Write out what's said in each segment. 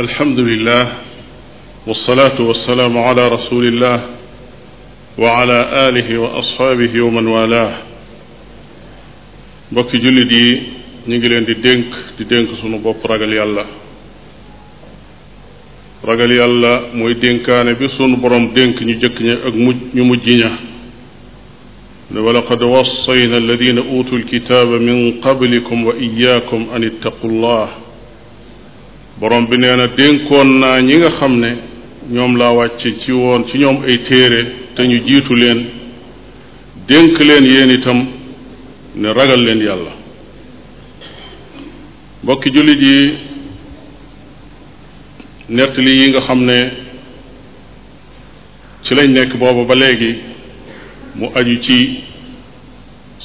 alhamdulillah wasalaatu wasalaamu ala rasulillah wa ala alihi wa ashaabihi wa man walaah mbokki jullit yi ñu ngi leen di dénk di dénk sunu bopp ragal yàlla ragal yàlla mooy dénkaane bi sunu borom dénk ñu jëkk ña ak mujj ñu mujj ña ne wa laqad wassayna alladina utu alkitaaba min qablikum wa iyakum an ittaqu llah borom bi nee na dénkoon naa ñi nga xam ne ñoom laa wàcc ci woon ci ñoom ay téere te ñu jiitu leen dénk leen yéen itam ne ragal leen yàlla mbokki jullit yi nettali yi nga xam ne ci lañ nekk booba ba léegi mu aju ci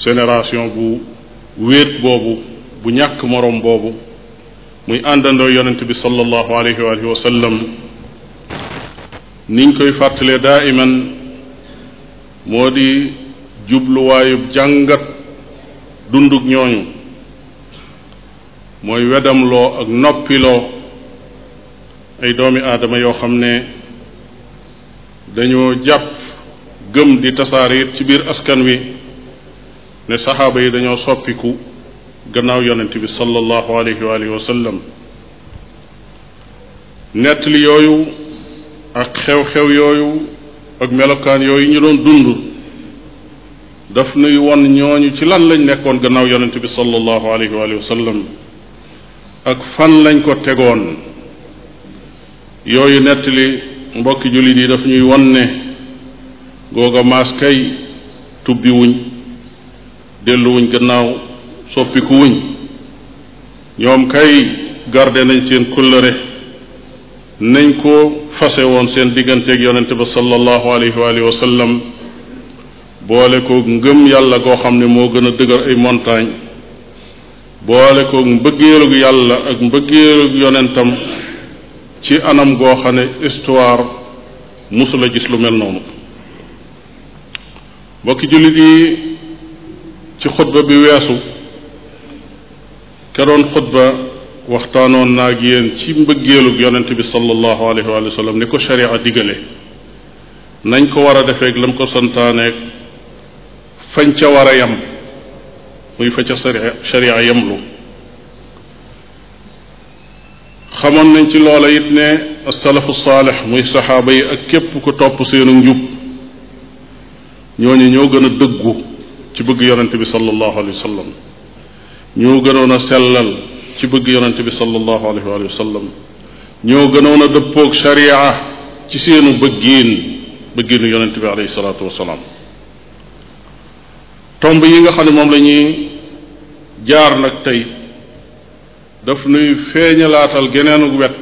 génération bu wéet boobu bu ñàkk moroom boobu muy àndandoo yonent bi sallallahu alayhi wa alihi wa sallam niñ koy fàttalee daaiman moo di jubluwaayub jàngat dundug ñooñu mooy wedamloo ak noppiloo ay doomi aadama yoo xam ne dañoo jàpp gëm di tasaare ci biir askan wi ne saxaaba yi dañoo soppiku gannaaw yonent bi sallallahu alayhi wa alihi wa sallam nettali yooyu ak xew-xew yooyu ak melokaan yooyu ñu doon dund daf nuy won ñooñu ci lan lañ nekkoon gannaaw yonent bi sallallahu alayhi wa alihi wa ak fan lañ ko tegoon yooyu nettali mbokki jullit yi daf ñuy won ne googa maas kay tubbiwuñ delluwuñ gannaaw soppiku wuñ ñoom kay garde nañ seen kullëre nañ ko fase woon seen digganteeg yonente ba sallallahu alayhi wa alihi boole ko ngëm yàlla goo xam ne moo gën a dëgër ay montagne boole ko mbëggeelug yàlla ak mbëggeelug yonentam ci anam goo xam ne histoire musula gis lu mel noonu mbokki jullit yi ci xutba bi weesu ke doon xutba waxtaanoon naa ak yéen ci mbëggeelug yonent bi sallallahu alayhi wa sallam ni ko sharia digale nañ ko war a defeek lam ko santaaneek fañ ca war a yam muy fa ca sharia yamlu xamoon nañ ci loola it ne asalafu saalix muy saxaaba yi ak képp ko topp seenu njub ñooñu ñoo gën a dëggu ci bëgg yonent bi sallallahu alayhi wa sallam ñoo gënoon a sellal ci bëgg yonente bi sallallahu alayhi wa sallam ñoo gënoon a dëppoog sharia ci seenu bëggiin bëggiinu yonente bi alayhi salaatu wasalaam tomb yi nga xam ne moom la ñuy jaar nag tey daf nuy feeñalaatal geneenug wet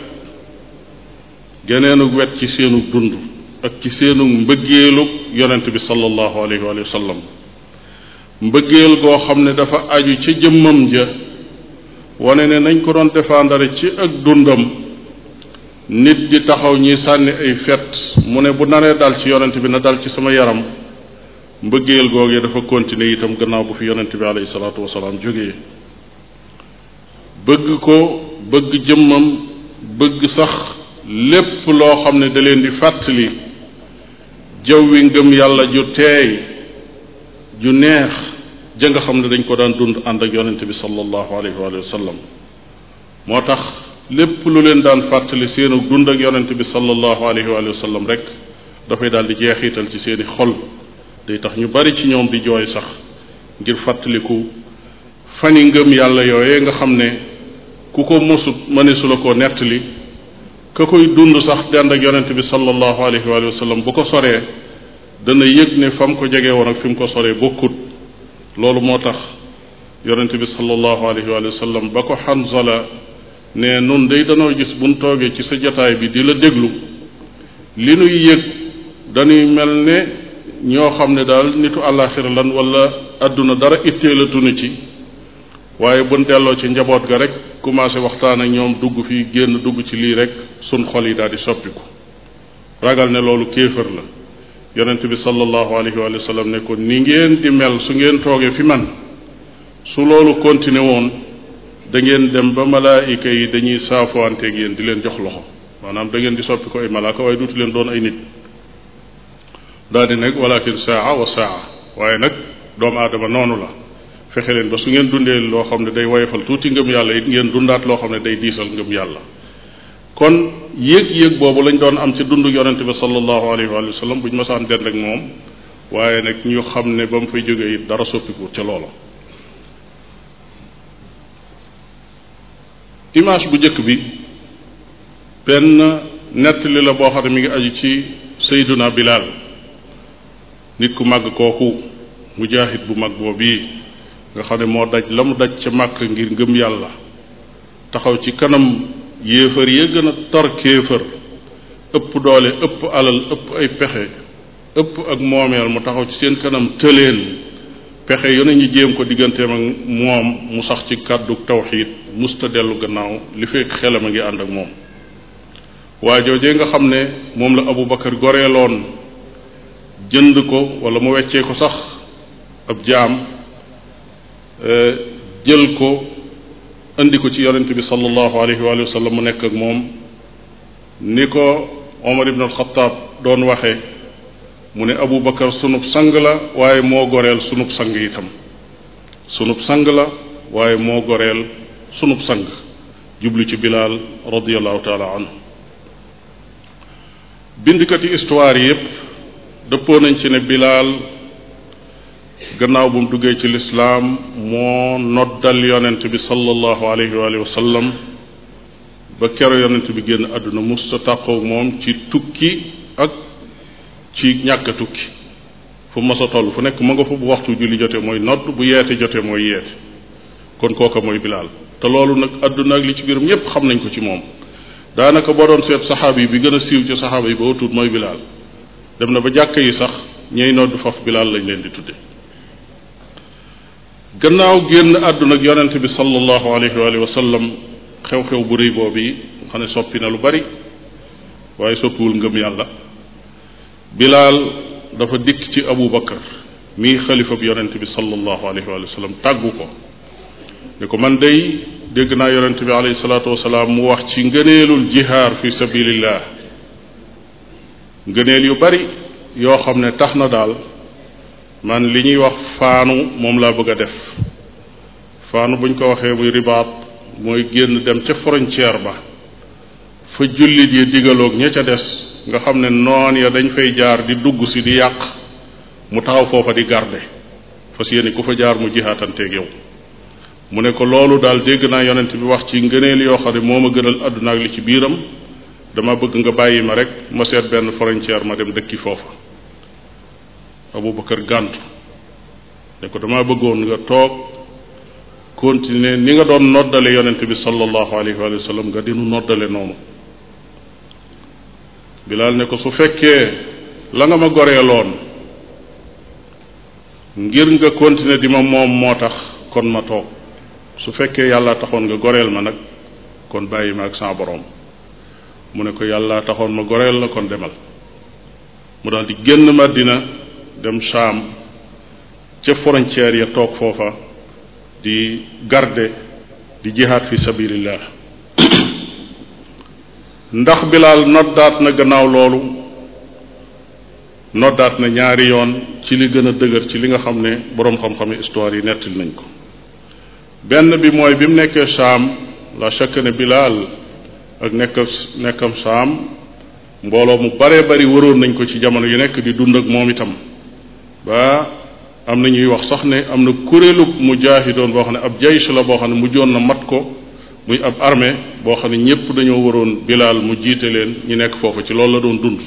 geneenug wet ci seenu dund ak ci seenu mbëggeelug yonente bi sallallahu alayhi wa sallam mbëggeel goo xam ne dafa aju ca jëmmam ja wane ne nañ ko doon défendre ci ak dundam nit di taxaw ñi sànni ay fet mu ne bu naree dal ci yonent bi na dal ci sama yaram mbëggeel googee dafa continuer itam gannaaw bu fi yonent bi alayhi salaatu wasalaam jógee bëgg ko bëgg jëmmam bëgg sax lépp loo xam ne da leen di fàttali jaw wi ngëm yàlla ju teey ju neex ja xam ne dañ ko daan dund ànd ak yonente bi sallallahu alayhi wa sallam moo tax lépp lu leen daan fàttali seenu dund ak yonente bi sallallahu alayhi wa sallam rek dafay daal di jeexital ci seeni xol day tax ñu bari ci ñoom di jooy sax ngir fàttaliku yi ngëm yàlla yooyee nga xam ne ku ko mosut mëneesu la koo nettali ka koy dund sax dend ak yonente bi sallallahu alayhi wa sallam bu ko soree dana yëg ne fa mu ko jege woon ak fi mu ko soree bokkut loolu moo tax yonente bi sallallahu alayhi wa sallam ba ko Hanzala ne nun day danoo gis buñ toogee ci sa jataay bi di la déglu li nuy yëg dañuy mel ne ñoo xam ne daal nitu àllaaxira walla àdduna dara itteelatuñu ci waaye buñ delloo ci njaboot ga rek commencé waxtaan ak ñoom dugg fii génn dugg ci lii rek sun xol yi daal di soppiku ragal ne loolu kéefër la yonent bi sallallahu alayhi wa sallam ne ko ni ngeen di mel su ngeen toogee fi man su loolu continué woon da ngeen dem ba malaayika yi dañuy saafuwanteeg ngeen di leen jox loxo maanaam da ngeen di soppi ko ay malaaka waaye duuti leen doon ay nit daal di nekk walakin saa wa saa waaye nag doomu aadama noonu la fexe leen ba su ngeen dundee loo xam ne day woyofal tuuti ngëm yàlla it ngeen dundaat loo xam ne day diisal ngëm yàlla kon yéeg-yéeg boobu lañ doon am ci dundu yonent bi sallallahu alayhi wa sallam bu ñu masaan dend ak moom waaye nag ñu xam ne ba mu fay jógee it dara soppiku ca loola image bu njëkk bi benn nettali la boo xam ne ngi aju ci Seyduna Bilal nit ku màgg kooku mujaahid bu mag boobu yi nga xam ne moo daj la mu daj ca màkk ngir ngëm yàlla taxaw ci kanam yéefar ya gën a tar kéefar ëpp doole ëpp alal ëpp ay pexe ëpp ak moomeel mu taxaw ci seen kanam tëleen pexe yu ne ñu jéem ko digganteem ak moom mu sax ci kàddu tawxiid musta dellu gannaaw li fekk xelam a ngi ànd ak moom waa joojee nga xam ne moom la Abu Bakar goreeloon jënd ko wala mu weccee ko sax ab jaam eh, jël ko indi ko ci yonent bi sallallahu alayhi wa mu nekk ak moom ni ko Omar ibn al doon waxe mu ne Abu Bakar sunub sang la waaye moo goreel sunub sang la waaye moo goreel sunub sang jublu ci Bilaal radiyallahu taala anhu bindikati histoire yépp dëppoo nañ ci ne Bilaal gannaaw bu mu duggee ci lislaam moo noddal yonent bi sallallahu alayhi wa sallam ba kero yonent bi génn àdduna mus sa tàqoo moom ci tukki ak ci ñàkk tukki fu masa a fu nekk ma nga fa bu waxtu julli jote mooy nodd bu yeete jote mooy yeete kon kooka mooy bilaal te loolu nag àdduna ak li ci biiram yépp xam nañ ko ci moom daanaka boo doon seet saxaaba yi bi gën a siiw ci saxaaba yi ba wutut mooy bilaal dem na ba jàkk yi sax ñey nodd faf bilaal lañ leen di tudde gannaaw génn àdduna ak yonent bi sallallahu alayhi wa sallam xew-xew bu rëy bi xam soppi na lu bari waaye soppiwul ngëm yàlla bilaal dafa dikk ci abu bakar mii xalifa bi yonent bi sallallahu alayhi wa sallam tàggu ko ne ko man day dégg naa yonent bi alayhi salaatu mu wax ci ngëneelul jihaar fi yu bari yoo xam ne tax na daal man li ñuy wax faanu moom laa bëgg a def faanu buñ ko waxee muy ribaat mooy génn dem ca frontière ba fa jullit yi digaloog ña ca des nga xam ne noon ya dañ fay jaar di dugg si di yàq mu taxaw foofa di garde fas yéene ku fa jaar mu jihaatanteeg yow mu ne ko loolu daal dégg naa yonent bi wax ci ngëneel yoo xam ne moo ma gënal àdduna ak li ci biiram dama bëgg nga bàyyi ma rek ma seet benn frontière ma dem dëkki foofa Abubakar gànt ne ko damaa bëggoon nga toog continuer ni nga doon noddale yonent bi sallallahu alayhi wa sallam nga dinu noddale noonu Bilaal ne ko su fekkee la nga ma goreeloon ngir nga continuer di ma moom moo tax kon ma toog su fekkee yàlla taxoon nga goreel ma nag kon bàyyi ma ak saa boroom mu ne ko yàlla taxoon ma goreel la kon demal mu daal génn Madina dem Saam ca frontière ya toog foofa di garde di jihaad fi sabilillah ndax Bilaal noddaat na gannaaw loolu noddaat na ñaari yoon ci li gën a dëgër ci li nga xam ne boroom xam-xame histoire yi nettali nañ ko benn bi mooy bi mu nekkee saam la chaque ne Bilaal ak nekkam saam mbooloo mu bare bari wëroon nañ ko ci jamono yu nekk di dund ak moom itam ba am na ñuy wax sax ne am na kuréelub mujaahidoon boo xam ne ab jaysh la boo xam ne mu mujjoon na mat ko muy ab armée boo xam ne ñépp dañoo waroon bilaal mu jiite leen ñu nekk foofu ci loolu la doon dund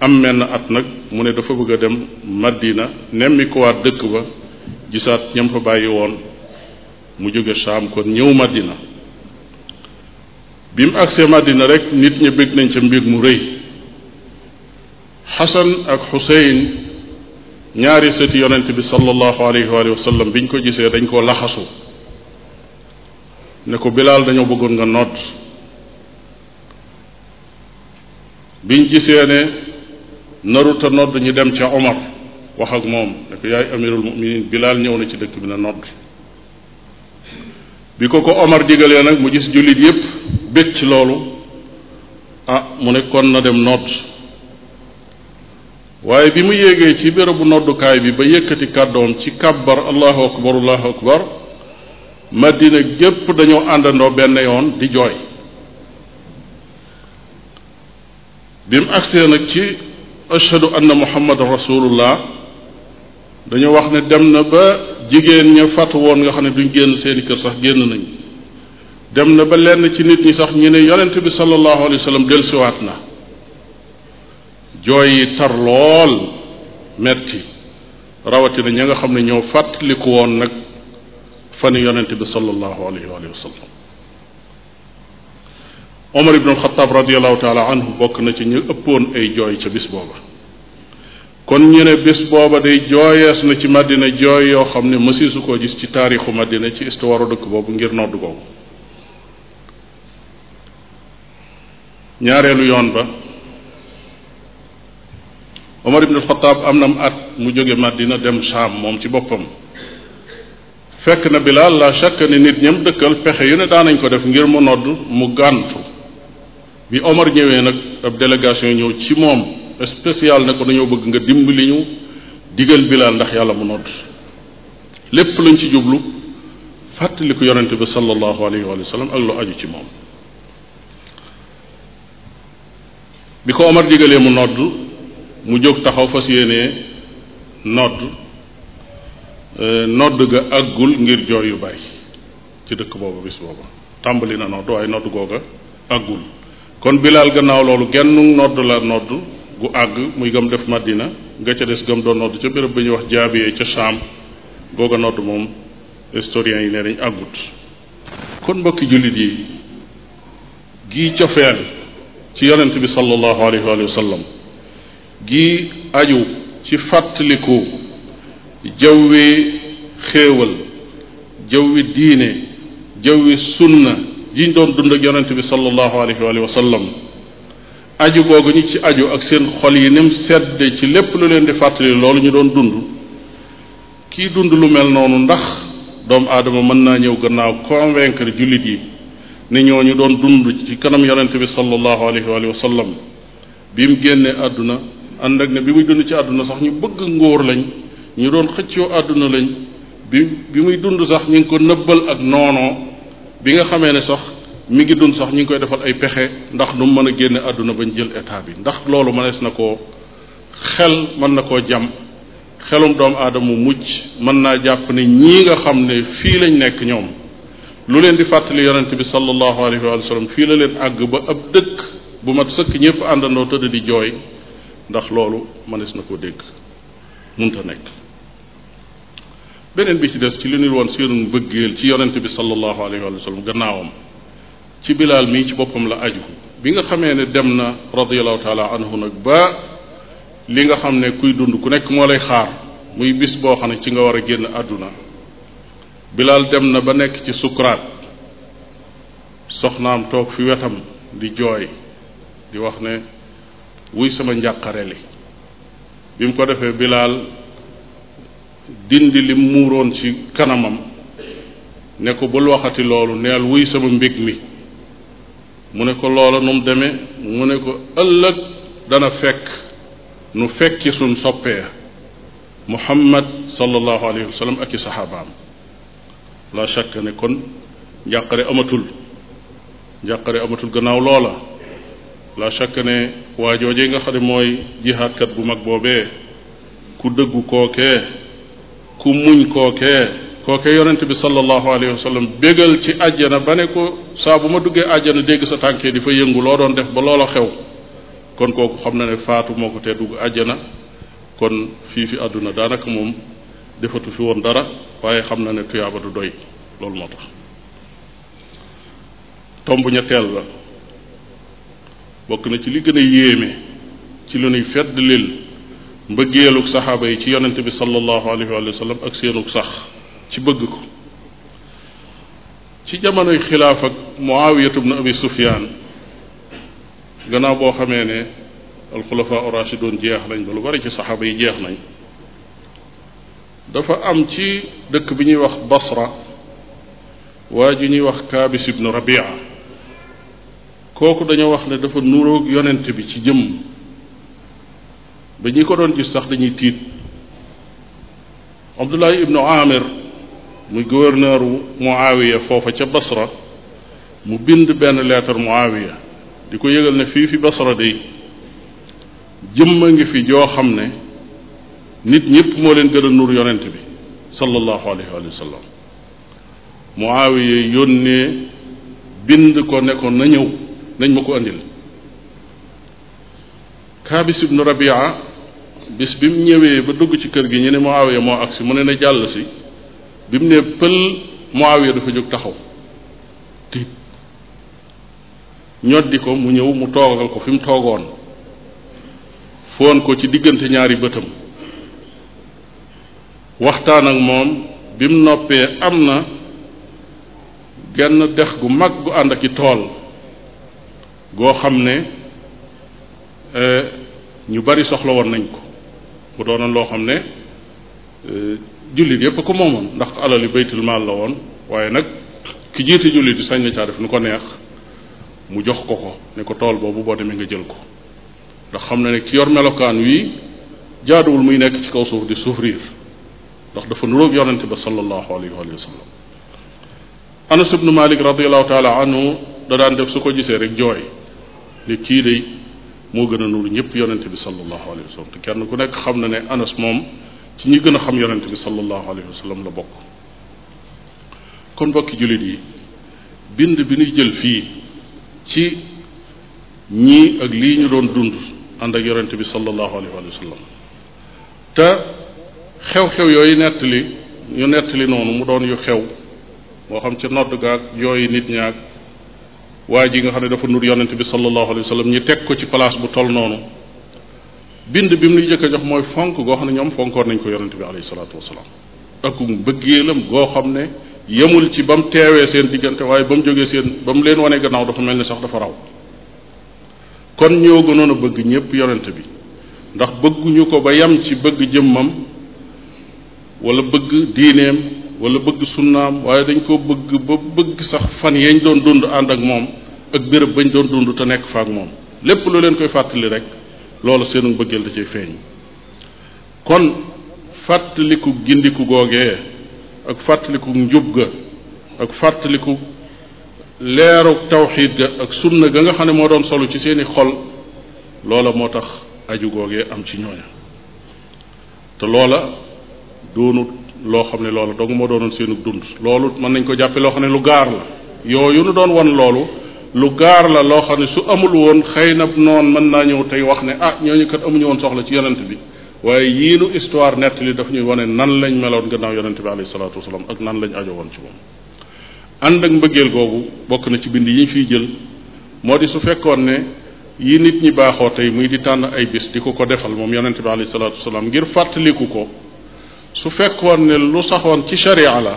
am menn at nag mu ne dafa bëgg a dem Madina nemmi kuwaat dëkk ba gisaat ñam fa bàyyi woon mu jóge Saam kon ñëw Madina bi mu agsee Madina rek nit ñi bég nañ ca mbir mu rëy Xasan ak Xuseyn ñaari sëti yonent bi sallallahu alayhi wa bi ñu ko gisee dañ koo laxasu ne ko bilaal dañoo bëggoon nga noot biñ gisee ne naruta nodd ñu dem ca Omar wax ak moom ne ko yaay amirul muminin bilaal ñëw na ci dëkk bi na nodd bi ko ko Omar digalee nag mu gis jullit yépp bég ci loolu ah mu ne kon na dem nodd waaye bi mu yéegee ci bérébu noddukaay bi ba yëkkati kàddoom ci kàbbar allahu akbar allahu akbar madina gépp dañoo àndandoo benn yoon di jooy bi mu agsee nag ci ashhadu anna muhammadan rasulullah dañu wax ne dem na ba jigéen ña fatu woon nga xam ne duñ génn seeni kër sax génn nañ dem na ba lenn ci nit ñi sax ñu ne yonent bi sallallahu alayhi wa sallam dellusiwaat na jooy yi tar lool metti rawatina ña nga xam ne ñoo fàttaliku woon nag fani yonente bi sallallahu alayhi wa sallam Omar ibn al-Khattab radiyallahu taala anhu bokk na ci ñu ëppoon ay jooy ca bis booba kon ñu ne bis booba day jooyees na ci màddina jooy yoo xam ne mësisu koo gis ci taarixu Madina ci istuwaaru dëkk boobu ngir nodd googu ñaareelu yoon ba Omar ibn Xataab am na am at mu jóge Madina dem Saam moom ci boppam fekk na Bilaal la chaque ni nit ñam dëkkal pexe yu ne daan nañ ko def ngir mu nodd mu gàntu bi Omar ñëwee nag ab délégation ñëw ci moom spécial ne ko dañoo bëgg nga dimbali ñu digal Bilaal ndax yàlla mu nodd lépp luñ ci jublu fàttaliku yonente bi sallallahu alayhi wa ak lu aju ci moom bi ko Omar digalee mu nodd mu jóg taxaw fas yéenee nodd e, nodd ga àggul ngir joor yu bari ci dëkk booba bis booba tàmbali na nodd waaye nodd googa àggul kon bilaal gannaaw loolu genn nodd la nodd gu àgg muy gëm def madina nga ca des gëm doon nodd ca béréb ba ñuy wax jaabiyee ca saam googa nodd moom historiens yi nee dañ àggut kon mbokki jullit yi gi cofeel ci yonent bi sallallahu alayhi wa sallam gi aju ci fàttaliku jawwi xéewal jawwi diine jawwi sunna jiñ doon dund ak yonente bi sallallahu alayhi wa sallam aju googu ñu ci aju ak seen xol yi nim sedde ci lépp lu leen di fàttali loolu ñu doon dund kii dund lu mel noonu ndax doom aadama mën naa ñëw gannaaw convaincre jullit yi ni ñoo ñu doon dund ci kanam yonente bi sallallahu alayhi wa sallam bi mu génnee àdduna ànd ak ne bi muy dund ci àdduna sax ñu bëgg ngóor lañ ñu doon xëccoo àdduna lañ bi bi muy dund sax ñu ngi ko nëbbal ak noonoo bi nga xamee ne sax mi ngi dund sax ñu ngi koy defal ay pexe ndax nu mu mën a génne àdduna bañ jël état bi ndax loolu mënees na koo xel mën na koo jam xelum doomu aadama mucc mën naa jàpp ne ñii nga xam ne fii lañ nekk ñoom lu leen di fàttali yonente bi sallallahu alayhi wa sallam fii la leen àgg ba ab dëkk bu mat sëkk ñëpp àndandoo tëdd di jooy ndax loolu mënees na koo dégg munta nekk beneen bi ci des ci li ñuy woon seenu bëggeel ci yonent bi sallallahu alayhi wa sallam gannaawam ci bilaal mii ci boppam la aju bi nga xamee ne dem na radiallahu taala nag ba li nga xam ne kuy dund ku nekk moo lay xaar muy bis boo xam ne ci nga war a génn àdduna bilaal dem na ba nekk ci sukuraat soxnaam toog fi wetam di jooy di wax ne wuy sama njàqare li bi mu ko defee bilaal dindi li muuroon ci kanamam ne ko bul waxati loolu neel wuy sama mbég mi mu ne ko loola nu mu demee mu ne ko ëllëg dana fekk nu fekki suñ soppee muhammad sallallahu alayhi wa sallam ak i saxaabaam la shakk ne kon njàqare amatul njàqare amatul gannaaw loola la chaque ne waa jooje nga xam ne mooy jihaadkat bu mag boobee ku dëggu kookee ku muñ kookee kookee yonent bi sallallahu alayhi wa bégal ci àjjana ba ne ko saa bu ma duggee àjjana dégg sa tànkee di fa yëngu loo doon def ba loola xew kon kooku xam na ne faatu moo ko tee dugg àjjana kon fii fi àdduna daanaka moom defatu fi woon dara waaye xam na ne tuyaaba du doy loolu moo tax tomb ñetteel la bokk na ci li gën a yéeme ci lu nuy feddlil mbëggeelug saxaaba yi ci yonent bi sallallahu alayhi wa ak seenug sax ci bëgg ko ci jamonoy xilaaf ak muawiyatu ibn abi sufyaan gannaaw boo xamee ne alxulafaa urashidoon jeex nañ ba lu bari ci saxaaba yi jeex nañ dafa am ci dëkk bi ñuy wax basra waa ji ñuy wax kaabis ibnu rabia kooku dañoo wax ne dafa nurook yonent bi ci jëmm ba ñi ko doon gis sax dañuy tiit Abdullah ibnu Amir muy gouverneur wu Muawiya foofa ca Basra mu bind benn lettre Muawiya di ko yëgal ne fii fi Basra day jëmm a ngi fi joo xam ne nit ñëpp moo leen gën a nur yonent bi sallallahu alayhi wa sallam Muawiya yónnee bind ko ne ko na ñëw nañ ma ko andil kaabis ibnu rabia bis bi mu ñëwee ba dugg ci kër gi ñu ne awee moo agsi mu ne na jàll si bi mu ne pël Muawiya dafa jóg taxaw tiit ñoddi ko mu ñëw mu toogal ko fi mu toogoon foon ko ci diggante ñaari bëtam waxtaan ak moom bi mu noppee am na genn dex gu mag gu ànd ak i tool goo xam ne euh, ñu bari soxla woon nañ ko mu doonoon loo xam ne euh, jullit yépp ko moomoon ndax alal yi baytul maal la woon waaye nag ki jiite jullit yi sañ na caa def nu ko neex mu jox ko ko ne ko tool boobu boo demee nga jël ko ndax xam na ne ki yor melokaan wi jaaduwul muy nekk ci kaw suuf di souffrir ndax dafa nuróog yonente ba sallallahu alayhi wa sallam anas ibnu malik radiallahu taala anhu da daan def su ko gisee rek jooy ne kii day moo gën a nuuru ñëpp yonente bi sallallahu alayhi wa sallam te kenn ku nekk xam na ne anas moom ci ñi gën a xam yonente bi sallallahu alayhi wa sallam la bokk kon mbokki jullit yi bind bi nu jël fii ci ñii ak lii ñu doon dund ànd ak yonente bi sallallahu alayhi wa sallam te xew-xew yooyu nettali ñu nettali noonu mu doon yu xew moo xam ci nodd gaag yooyu nit ñaag waaye ji nga xam ne dafa nur yonent bi sallallahu alayhi wa sallam ñu teg ko ci place bu toll noonu bind bi mu nuy jëkk a jox mooy fonk goo xam ne ñoom fonkoon nañ ko yonent bi alayhi salaatu wasalaam ak bëggeelam goo xam ne yemul ci ba mu teewee seen diggante waaye ba mu jógee seen ba mu leen wanee gannaaw dafa mel ni sax dafa raw kon ñoo gënoon a bëgg ñépp yonent bi ndax bëgguñu ko ba yem ci bëgg jëmmam wala bëgg diineem wala bëgg sunnaam waaye dañ koo bëgg ba bëgg sax fan yañ doon dund ànd ak moom ak béréb bañ doon dund te nekk fa ak moom lépp lu leen koy fàttali rek loolu seenu bëggeel da cay feeñ kon fàttaliku gindiku googee ak fàttaliku njub ga ak fàttaliku leeru tawxiit ga ak sunna ga nga xam ne moo doon solo ci seeni xol loola moo tax aju googee am ci ñooña te loola doonut loo xam ne loolu dong moo doonoon seenu dund loolu mën nañ ko jàppee loo xam ne lu gaar la yooyu nu doon wan loolu lu gaar la loo xam ne su amul woon xëy na noon mën naa ñëw tey wax ne ah ñooñu kat amuñu woon soxla ci yonent bi waaye yii yiinu histoire nettali daf ñuy wane nan lañ meloon gannaaw yonent bi alayhi salaatu wasalaam ak nan lañ ajo woon ci moom ànd ak mbëggeel googu bokk na ci bind yi ñu fiy jël moo di su fekkoon ne yi nit ñi baaxoo tey muy di tànn ay bis di ko ko defal moom yonent bi alayhi salaatu wasalaam ngir fàttaliku ko su fekkoon ne lu saxoon ci sharia la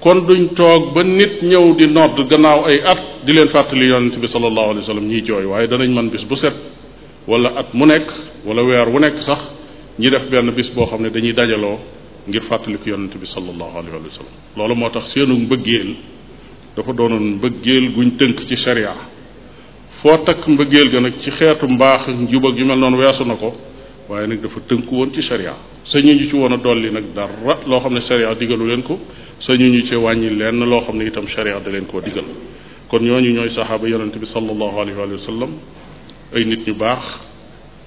kon duñ toog ba nit ñëw di nodd gannaaw ay at di leen fàttali yonent bi sallallahu alayhi wa sallam ñiy jooy waaye danañ mën bis bu set wala at mu nekk wala weer wu nekk sax ñi def benn bis boo xam ne dañuy dajaloo ngir fàttaliku yonent bi sallallahu alayhi wa sallam loolu moo tax seenu mbëggeel dafa doonoon mbëggeel guñ tënk ci sharia foo takk mbëggeel ga nag ci xeetu mbaax njub gi yu mel noonu weesu na ko waaye nag dafa tënk woon ci sharia sañu ñu ci woon a dolli nag dara loo xam ne sharia digalu leen ko sañu ñu ci wàññi lenn loo xam ne itam sharia da leen koo digal kon ñooñu ñooy saxaaba yonente bi sallallahu alayhi wa sallam ay nit ñu baax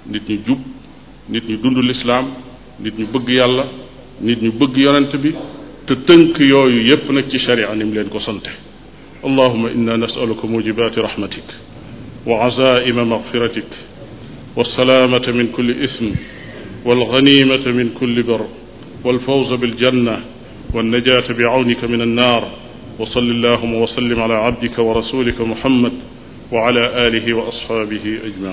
nit ñu jub nit ñu dund lislaam nit ñu bëgg yàlla nit ñu bëgg yonent bi te tënk yooyu yépp nag ci sharia ni mu leen ko sante allahuma inna nasaluka mujibaati rahmatik wa azaima magfiratik والسلامة من كل إثم والغنيمة من كل بر والفوز بالجنة والنجاة بعونك من النار وصل اللهم وسلم على عبدك ورسولك محمد وعلى آله وأصحابه أجمعين